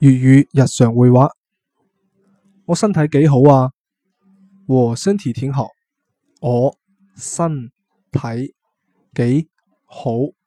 粵語日常會話，我身體幾好啊？我身體挺好，我身體幾好。